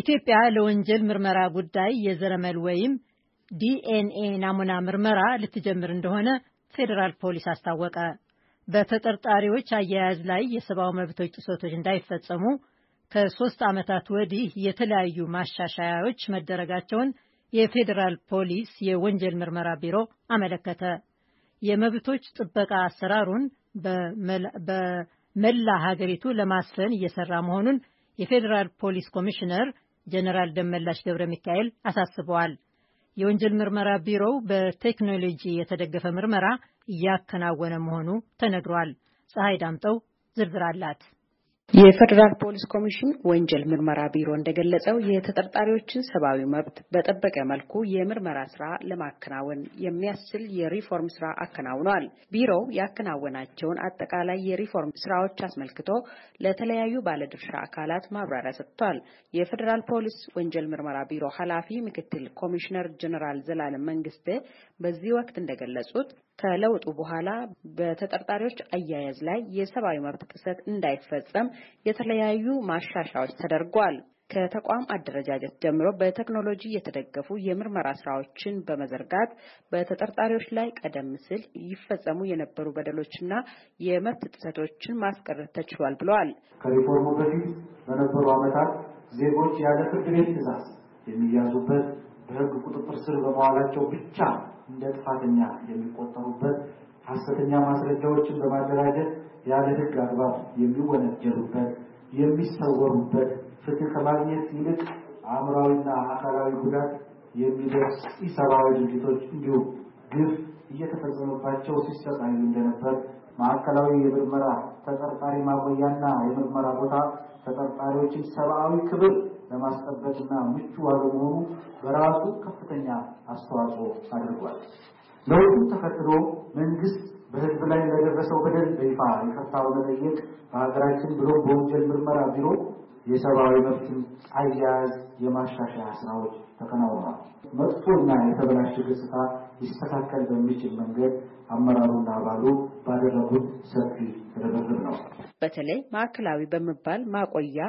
ኢትዮጵያ ለወንጀል ምርመራ ጉዳይ የዘረመል ወይም ዲኤንኤ ናሙና ምርመራ ልትጀምር እንደሆነ ፌዴራል ፖሊስ አስታወቀ። በተጠርጣሪዎች አያያዝ ላይ የሰብአዊ መብቶች ጥሰቶች እንዳይፈጸሙ ከሶስት ዓመታት ወዲህ የተለያዩ ማሻሻያዎች መደረጋቸውን የፌዴራል ፖሊስ የወንጀል ምርመራ ቢሮ አመለከተ። የመብቶች ጥበቃ አሰራሩን በመላ ሀገሪቱ ለማስፈን እየሰራ መሆኑን የፌዴራል ፖሊስ ኮሚሽነር ጀነራል ደመላሽ ገብረ ሚካኤል አሳስበዋል። የወንጀል ምርመራ ቢሮው በቴክኖሎጂ የተደገፈ ምርመራ እያከናወነ መሆኑ ተነግሯል። ፀሐይ ዳምጠው ዝርዝር አላት። የፌዴራል ፖሊስ ኮሚሽን ወንጀል ምርመራ ቢሮ እንደገለጸው የተጠርጣሪዎችን ሰብአዊ መብት በጠበቀ መልኩ የምርመራ ስራ ለማከናወን የሚያስችል የሪፎርም ስራ አከናውኗል። ቢሮው ያከናወናቸውን አጠቃላይ የሪፎርም ስራዎች አስመልክቶ ለተለያዩ ባለድርሻ አካላት ማብራሪያ ሰጥቷል። የፌደራል ፖሊስ ወንጀል ምርመራ ቢሮ ኃላፊ ምክትል ኮሚሽነር ጀኔራል ዘላለም መንግስቴ በዚህ ወቅት እንደገለጹት ከለውጡ በኋላ በተጠርጣሪዎች አያያዝ ላይ የሰብአዊ መብት ጥሰት እንዳይፈጸም የተለያዩ ማሻሻያዎች ተደርጓል። ከተቋም አደረጃጀት ጀምሮ በቴክኖሎጂ የተደገፉ የምርመራ ስራዎችን በመዘርጋት በተጠርጣሪዎች ላይ ቀደም ሲል ይፈጸሙ የነበሩ በደሎችና የመብት ጥሰቶችን ማስቀረት ተችሏል ብለዋል። ከሪፎርሙ በፊት በነበሩ ዓመታት ዜጎች ያለ ፍርድ ቤት ትዕዛዝ የሚያዙበት፣ በሕግ ቁጥጥር ስር በመዋላቸው ብቻ እንደ ጥፋተኛ የሚቆጠሩበት ሐሰተኛ ማስረጃዎችን በማደራጀት ያለ ሕግ አግባብ የሚወነጀሉበት የሚሰወሩበት፣ ፍትህ ከማግኘት ይልቅ አእምራዊና አካላዊ ጉዳት የሚደርስ ኢሰብአዊ ድርጊቶች እንዲሁም ግፍ እየተፈጸመባቸው ሲሰቃዩ እንደነበር ማዕከላዊ የምርመራ ተጠርጣሪ ማቆያና የምርመራ ቦታ ተጠርጣሪዎችን ሰብአዊ ክብር ለማስጠበቅና ምቹ አለመሆኑ በራሱ ከፍተኛ አስተዋጽኦ አድርጓል። ለውጡም ተከትሎ መንግስት በህዝብ ላይ ለደረሰው በደል በይፋ የፈታው ለመጠየቅ በሀገራችን ብሎ በወንጀል ምርመራ ቢሮ የሰብአዊ መብትን አያያዝ የማሻሻያ ስራዎች ተከናውነዋል። መጥፎና የተበላሸ ገጽታ ሊስተካከል በሚችል መንገድ አመራሩና አባሉ ባደረጉት ሰፊ ርብርብ ነው። በተለይ ማዕከላዊ በመባል ማቆያ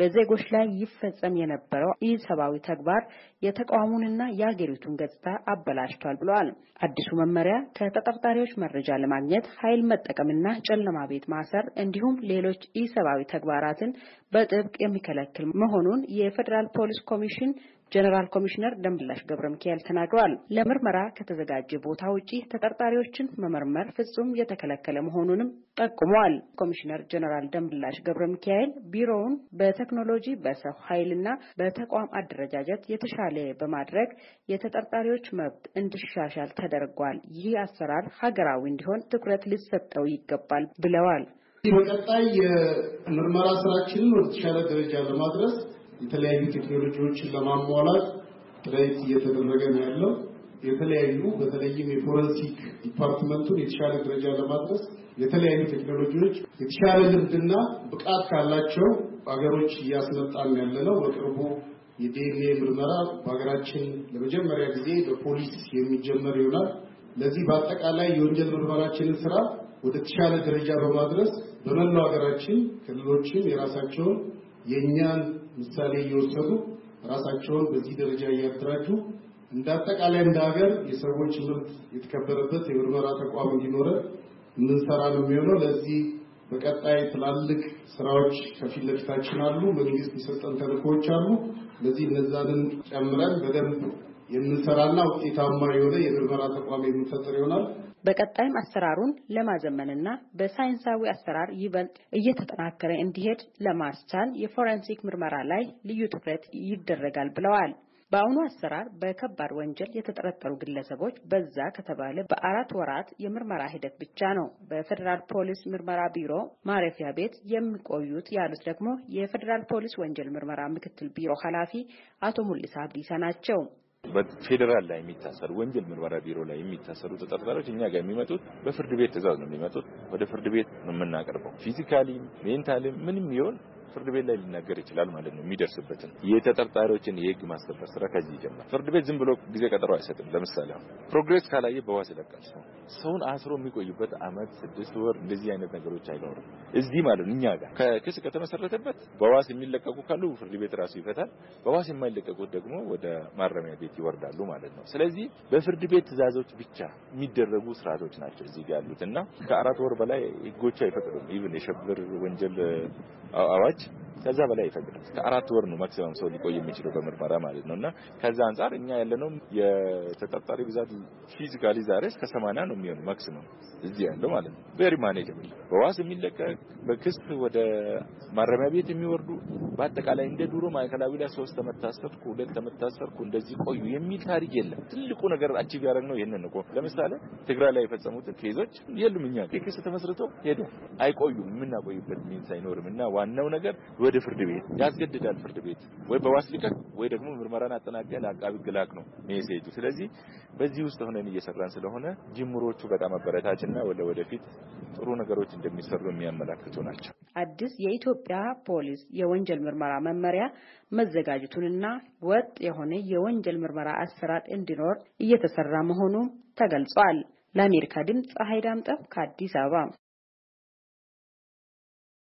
በዜጎች ላይ ይፈጸም የነበረው ኢሰብአዊ ተግባር የተቋሙንና የአገሪቱን ገጽታ አበላሽቷል ብለዋል። አዲሱ መመሪያ ከተጠርጣሪዎች መረጃ ለማግኘት ኃይል መጠቀምና ጨለማ ቤት ማሰር እንዲሁም ሌሎች ኢሰብአዊ ተግባራትን በጥብቅ የሚከለክል መሆኑን የፌዴራል ፖሊስ ኮሚሽን ጀነራል ኮሚሽነር ደምብላሽ ገብረ ሚካኤል ተናግረዋል። ለምርመራ ከተዘጋጀ ቦታ ውጪ ተጠርጣሪዎችን መመርመር ፍጹም የተከለከለ መሆኑንም ጠቁመዋል። ኮሚሽነር ጀነራል ደምብላሽ ገብረ ሚካኤል ቢሮውን በቴክኖሎጂ በሰው ኃይልና በተቋም አደረጃጀት የተሻለ በማድረግ የተጠርጣሪዎች መብት እንዲሻሻል ተደርጓል። ይህ አሰራር ሀገራዊ እንዲሆን ትኩረት ሊሰጠው ይገባል ብለዋል። በቀጣይ የምርመራ ስራችንን ወደተሻለ ደረጃ ለማድረስ የተለያዩ ቴክኖሎጂዎችን ለማሟላት ጥረት እየተደረገ ነው ያለው። የተለያዩ በተለይም የፎረንሲክ ዲፓርትመንቱን የተሻለ ደረጃ ለማድረስ የተለያዩ ቴክኖሎጂዎች የተሻለ ልምድና ብቃት ካላቸው ሀገሮች እያስመጣን ያለ ነው። በቅርቡ የዲኤንኤ ምርመራ በሀገራችን ለመጀመሪያ ጊዜ በፖሊስ የሚጀመር ይሆናል። ለዚህ በአጠቃላይ የወንጀል ምርመራችንን ስራ ወደ ተሻለ ደረጃ በማድረስ በመላው ሀገራችን ክልሎችን የራሳቸውን የእኛን ምሳሌ እየወሰዱ ራሳቸውን በዚህ ደረጃ እያደራጁ እንደ አጠቃላይ እንደ ሀገር የሰዎች ምርት የተከበረበት የምርመራ ተቋም እንዲኖረ የምንሰራ ነው የሚሆነው። ለዚህ በቀጣይ ትላልቅ ስራዎች ከፊት ለፊታችን አሉ። መንግስት የሰጠን ተልእኮዎች አሉ። ለዚህ እነዛንን ጨምረን በደንብ የምንሰራና ውጤታማ የሆነ የምርመራ ተቋም የምንፈጥር ይሆናል። በቀጣይም አሰራሩን ለማዘመንና በሳይንሳዊ አሰራር ይበልጥ እየተጠናከረ እንዲሄድ ለማስቻል የፎረንሲክ ምርመራ ላይ ልዩ ትኩረት ይደረጋል ብለዋል። በአሁኑ አሰራር በከባድ ወንጀል የተጠረጠሩ ግለሰቦች በዛ ከተባለ በአራት ወራት የምርመራ ሂደት ብቻ ነው በፌዴራል ፖሊስ ምርመራ ቢሮ ማረፊያ ቤት የሚቆዩት ያሉት ደግሞ የፌዴራል ፖሊስ ወንጀል ምርመራ ምክትል ቢሮ ኃላፊ አቶ ሙልሳ አብዲሳ ናቸው። በፌዴራል ላይ የሚታሰሩ ወንጀል ምርመራ ቢሮ ላይ የሚታሰሩ ተጠርጣሪዎች እኛ ጋር የሚመጡት በፍርድ ቤት ትዕዛዝ ነው የሚመጡት። ወደ ፍርድ ቤት ነው የምናቀርበው። ፊዚካሊም ሜንታልም ምንም ይሆን ፍርድ ቤት ላይ ሊናገር ይችላል ማለት ነው። የሚደርስበትን የተጠርጣሪዎችን የህግ ማስከበር ስራ ከዚህ ይጀምራል። ፍርድ ቤት ዝም ብሎ ጊዜ ቀጠሮ አይሰጥም። ለምሳሌ ፕሮግሬስ ካላየ በዋስ ይለቃል። ሰው ሰውን አስሮ የሚቆዩበት አመት ስድስት ወር እንደዚህ አይነት ነገሮች አይኖርም እዚህ ማለት ነው። እኛ ጋር ከክስ ከተመሰረተበት በዋስ የሚለቀቁ ካሉ ፍርድ ቤት ራሱ ይፈታል። በዋስ የማይለቀቁት ደግሞ ወደ ማረሚያ ቤት ይወርዳሉ ማለት ነው። ስለዚህ በፍርድ ቤት ትእዛዞች ብቻ የሚደረጉ ስርዓቶች ናቸው እዚህ ጋር ያሉት እና ከአራት ወር በላይ ህጎቹ አይፈቅዱም። ኢቭን የሽብር ወንጀል አዋጅ ከዛ በላይ አይፈቅድም። እስከ አራት ወር ነው ማክሲመም ሰው ሊቆይ የሚችለው በምርመራ ማለት ነው። እና ከዛ አንጻር እኛ ያለነው የተጠርጣሪ ብዛት ፊዚካሊ ዛሬ እስከ ሰማንያ ነው የሚሆነው ማክሲማም እዚህ ያለው ማለት ነው። ቬሪ ማኔጀብል በዋስ የሚለቀቅ በክስ ወደ ማረሚያ ቤት የሚወርዱ በአጠቃላይ እንደ ድሮ ማዕከላዊ ላይ ሶስት ተመታሰርኩ ሁለት ተመታሰርኩ ታሰርኩ፣ እንደዚህ ቆዩ የሚል ታሪክ የለም። ትልቁ ነገር አቺቭ ያደረግነው ይህንን እኮ ለምሳሌ ትግራይ ላይ የፈጸሙትን ኬዞች የሉም። እኛ ክስ ተመስርቶ ሄዱ አይቆዩም፣ የምናቆይበት ሚንስ አይኖርም እና ዋናው ነገር ወደ ፍርድ ቤት ያስገድዳል። ፍርድ ቤት ወይ በዋስ ወይ ደግሞ ምርመራን አጠናቀ ለአቃቢ ግላክ ነው ሜሴጁ። ስለዚህ በዚህ ውስጥ ሆነን እየሰራን ስለሆነ ጅምሮቹ በጣም አበረታችና ወደ ወደፊት ጥሩ ነገሮች እንደሚሰሩ የሚያመላክቱ ናቸው። አዲስ የኢትዮጵያ ፖሊስ የወንጀል ምርመራ መመሪያ መዘጋጀቱንና ወጥ የሆነ የወንጀል ምርመራ አሰራር እንዲኖር እየተሰራ መሆኑ ተገልጿል። ለአሜሪካ ድምፅ ፀሐይ ዳምጠው ከአዲስ አበባ